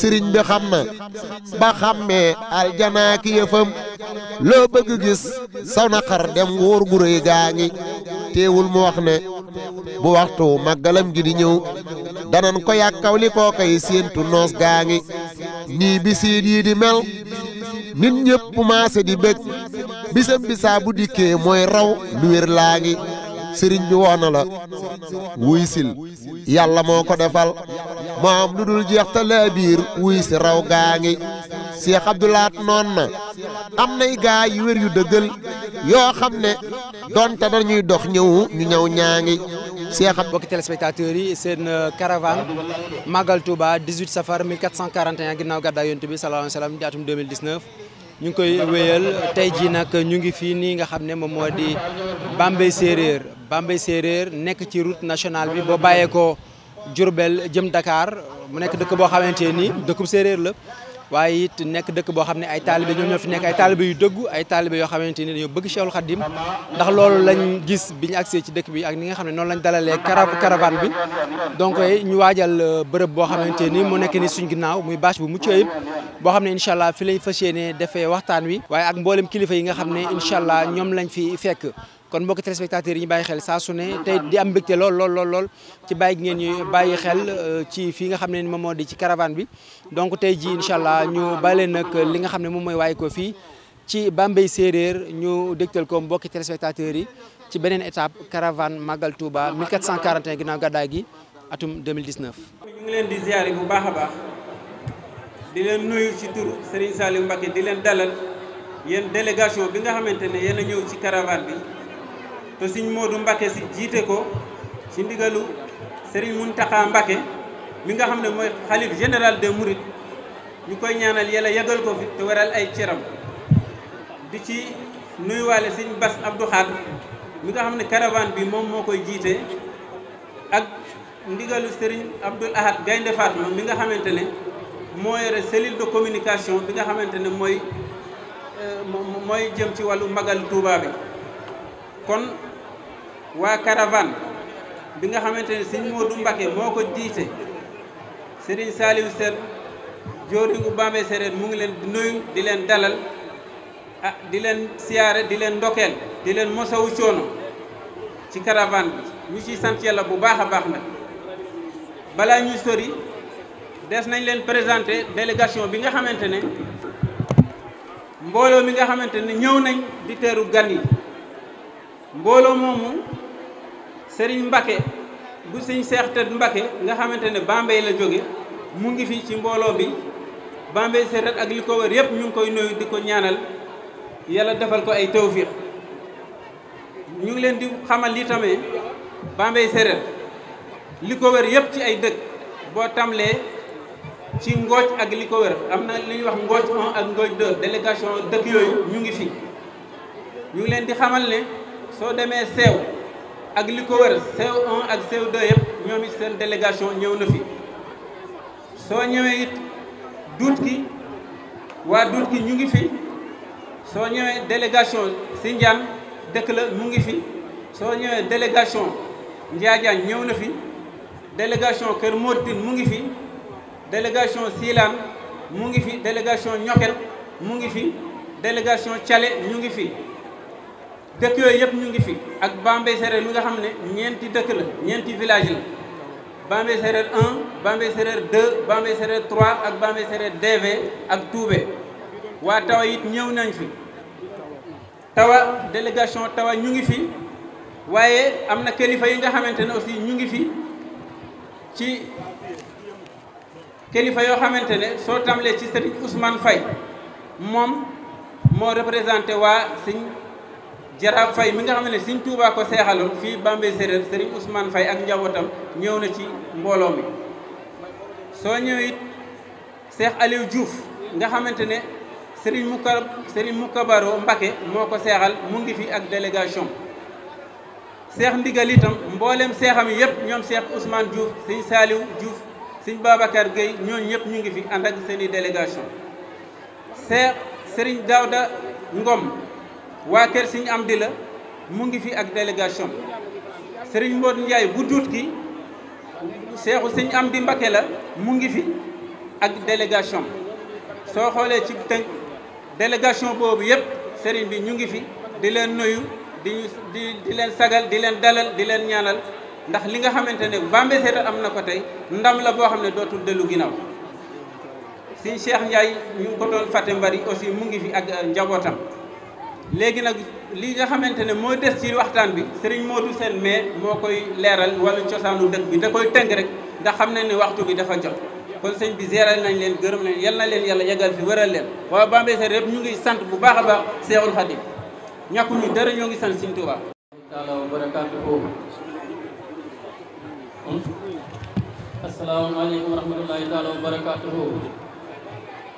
sëriñ bi xam na ba xàmmee aljanaak yëfam loo bëgg gis saw naqar dem wóor gu gaa ngi teewul mu wax ne bu waxtu màggalam gi di ñëw danan ko yàkkaw li koo séentu noos gaa ngi nii bisiit yii di mel nit ñëpp maase di bëgg bisam bisaa bu dikkee mooy raw lu laa ngi sëriñ bi woona la wuy sil yàlla moo ko defal moo am lu dul jeex te laa biir wuy si raw gaa ngi Cheikh Abdou Lahat noon na am nay gaa yu wér yu dëggal yoo xam ne donte dañuy dox ñëw ñu ñëw ñaa ngi Cheikh Abdou bokki téléspectateurs yi seen euh, caravane Magal Touba 18 safar 1441 ginnaaw gàddaay Yonent bi sallallahu alayhi wa sallam di atum ñu ngi koy wéyal tey jii nag ñu ngi fii nii nga xam ne moom moo di Bambey séeréer Bambey séeréer nekk ci route nationale bi boo bàyyeekoo Diourbel jëm Dakar mu nekk dëkk boo xamante ni dëkkub séeréer la waaye it nekk dëkk boo xam ne ay taalibe ñoom ñoo fi nekk ay taalibe yu dëggu ay yoo xamante ni dañoo bëgg Cheikhul Khadim ndax loolu lañ gis bi ñu agsee ci dëkk bi ak ni nga xam ne noonu lañ dalalee caravane bi donc ñu waajal euh, bërëb boo xamante ni mu nekk ni suñ ginnaaw muy bâche bu mucc ayib boo xam ne incha allah fi lañ fas yéene defee waxtaan wi waaye ak mboolem kilifa yi nga xam ne incha allah ñoom lañ fi fekk kon mbokki téléspectateurs yi ñu bàyyi xel saa su ne tey di am mbégte lool lool lool lool ci bàyyi ngeen ñu bàyyi xel euh, ci fii nga xam ne moom moo di ci caravane bi donc tey ji incha allah ñu bàyyi leen nag li nga xam ne moom mooy waaye ko fii ci Bambey séeréer ñu dégtal ko mbokki téléspectateurs yi ci beneen étape caravane Magal Touba 1441 ginnaaw gàddaay gi atum 2019. a baax di leen nuyu ci tur Serigne Saliou Mbacké di leen dalal yéen délégation bi nga xamante ne yéen a ñëw ci caravane bi. te sëñ Modou Mbakke si jiite ko ci ndigalu Serigne Mountakha Mbakke mi nga xam ne mooy xalif général de Mouride ñu koy ñaanal yàlla yàggal ko fi te waral ay ceram di ci nuyuwaale sëñ Bass Abdou Khadre mi nga xam ne caravane bi moom moo koy jiite ak ndigalu Serigne Abdoul Ahad Gaynde Fatma mi nga xamante ne moo yore cellule de communication bi nga xamante ne mooy euh, mooy jëm ci wàllu magal Touba bi kon waa caravane bi nga xamante ne sëñ Modou Mbacké moo ko jiite Serigne Saliou Sène jooringu Bambey Séréer mu ngi leen di nuyu di leen dalal ah di leen siyaare di leen ndokkeel di leen mosawu coono ci caravane bi ñu ciy sant yàlla bu baax a baax na balaa ñuy sori des nañ leen présenter délégation bi nga xamante ne mbooloo mi nga xamante ne ñëw nañ di teeru gan yi mbooloo moomu sëriñ Mbacke bu sëñ Seex Tët Mbacke nga xamante ne Bambey la jóge mu ngi fii ci mbooloo bi Bambey Seereer ak li ko wër yëpp ñu ngi koy nuyu di ko ñaanal yàlla defal ko ay tawfiix ñu ngi leen di xamal li tamit Bambey Seereer li ko wër yëpp ci ay dëkk boo tamlee ci ngooj ak li ko wér am na li ñuy wax ngooj 1 ak ngooj 2 délégation dëkk yooyu ñu ngi fi ñu ngi leen di xamal ne soo demee seew ak li ko wër seew 1 ak seew 2 yëpp ñoom it seen délégation ñëw na fi soo ñëwee it duut waa duut ki ñu ngi fi soo ñëwee délégation Sindian dëkk la mu ngi fi soo ñëwee délégation Njaajaan ñëw na fi délégation Kër Mordine mu ngi fi délégation Silaan mu ngi fi délégation Ñokel mu ngi fi délégation Thialé ñu ngi fi dëkk yooyu yëpp ñu ngi fi ak Bambey Séréer lu nga xam ne ñeenti dëkk la ñeenti village la Bambey Séréer un Bambey Séréer 2 Bambey Séréer 3 ak Bambey Séréer DV ak Toubé waa Tawa it ñëw nañ fi Tawa délégation Tawa ñu ngi fi waaye am na kilifa yi nga xamante ne aussi ñu ngi fi ci kilifa yoo xamante ne soo tamlee ci Serigne Ousmane fay moom moo représenté waa Serigne jaraaf fay mi nga xam ne Sëriñ Tuubaa ko seexaloon fii Bambey séréer Sëriñ Ousmane Fay ak njabootam ñëw na ci mbooloo mi soo ñëwee it Seex Aliou Diouf nga xamante ne Sëriñ Muka Sëriñ Mukabaro Mbake moo ko seexal mu ngi fi ak délégation seex ndigal itam mbooleem seexam yëpp ñoom Seex Ousmane Diouf Sëriñ Saliou juuf Sëriñ Babacar Gueye ñooñu ñëpp ñu ngi fi ànd ak seen i délégation seex Sëriñ Daawda Ngom waa kër Serigne Amdi la mu ngi fi ak délégation Serigne Modou njaay bu duut gi seexu Serigne Amdi Mbacké la mu ngi fi ak délégation soo xoolee ci tënk délégation boobu yëpp Serigne bi ñu ngi fi di leen nuyu di di di leen sagal di leen dalal di leen ñaanal ndax li nga xamante ne Bambey Seetal am na ko tey ndam la boo xam ne dootul dellu ginnaaw Serigne Cheikh Ndiaye ñu ngi ko doon fàtte mbari aussi mu ngi fi ak njabootam. léegi nag li nga xamante ne moo des ci waxtaan bi sëriñ moo du seen mais moo koy leeral wala cosaanu dëkk bi da koy tënk rek ndax xam nañ ne waxtu bi dafa jot kon sëñ bi zeeral nañ leen gërëm leen yal na leen yàlla yeggal fi wëral leen waaw Bambey Sène yëpp ñu ngi sant bu baax a baax Seexul Xadim ñàkku ñu dara ñoo ngi sant Sëriñ Tuubaa taala wa barakaatuhu asalaamaaleykum wa rahmatullahi taala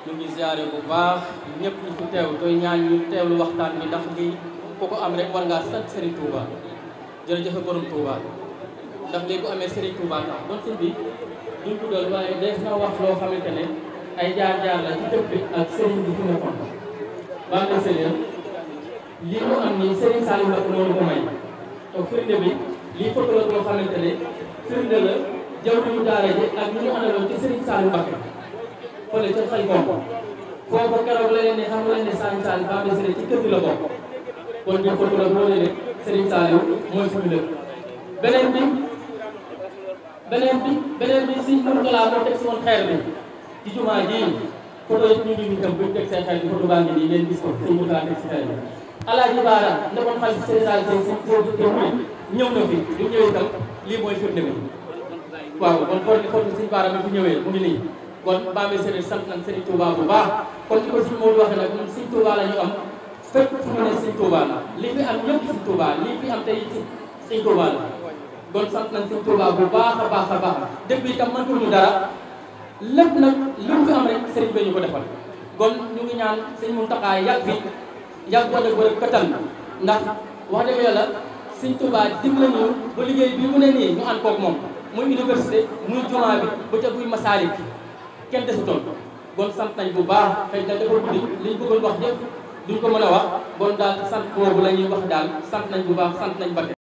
ñu ngi ziare bu baax ñëpp ñu fi teew doy ñaan ñu teewlu waxtaan bi ndax lii ku ko am rek war ngaa sant Serigne Touba jërëjëf borom Touba ndax lii ku amee Serigne Touba tax bon sëñ bi duñ tuddal waaye des na wax loo xamante ne ay jaar-jaar la ci dëkk bi ak Serigne bi fi nekkoon baax na Serigne lii mu am nii Serigne Saliou la ko noonu ko may te firnde bi lii foto la loo xamante ne firnde la jaww ji daara ji ak ñu ñu àndaloon ci Serigne Saliou Mbacké fële ca fay bokk foofu keroog la leen ne xam nga leen ne Sëriñ Saliou Bamba Siré ci kër gi la bokk kon ñu ko la boo leen Sëriñ Saliou mooy suñu lépp beneen bi beneen bi beneen bi si Mourtala moo teg si woon xeer bi ci jumaa jii photo yi ñu ngi nii tam buñ teg seen xeer bi photo baa ngi nii ngeen gis ko si Mourtala teg si xeer bi Alaaji Baara nekkoon xaalis Sëriñ Saliou si si si ñëw na fi ñu ñëwee itam lii mooy firnde bi waaw kon xool xool si Baara bi fi ñëwee mu ngi nii kon Bambey Sereer sant nañ Serigne Touba bu baax kon li ko suñu Maodo waxee nag ñun Serigne Touba la ñu am fépp fu mu ne Serigne Touba la li fi am ñëpp Serigne Touba li fi am tey Serigne Touba la kon sant nañ Serigne Touba bu baax a baax a baax dëgg bi itam mëntuñu dara lépp nag lu mu fi am rek Serigne bi ñu ko defal kon ñu ngi ñaan Serigne Mountakha yàgg bi yàgg wala wala kattan ndax wax dëgg yàlla Serigne Touba dimbali ñu ba liggéey bi mu ne nii ñu ànd koog moom muy université muy jumaa bi ba ca buy kenn desutoon kon sant nañ bu baax xëy na dafa guddi liñ bëggoon wax yëpp duñ ko mën a wax bon daal sant boobu la ñuy wax daal sant nañ bu baax sant nañ Mbacké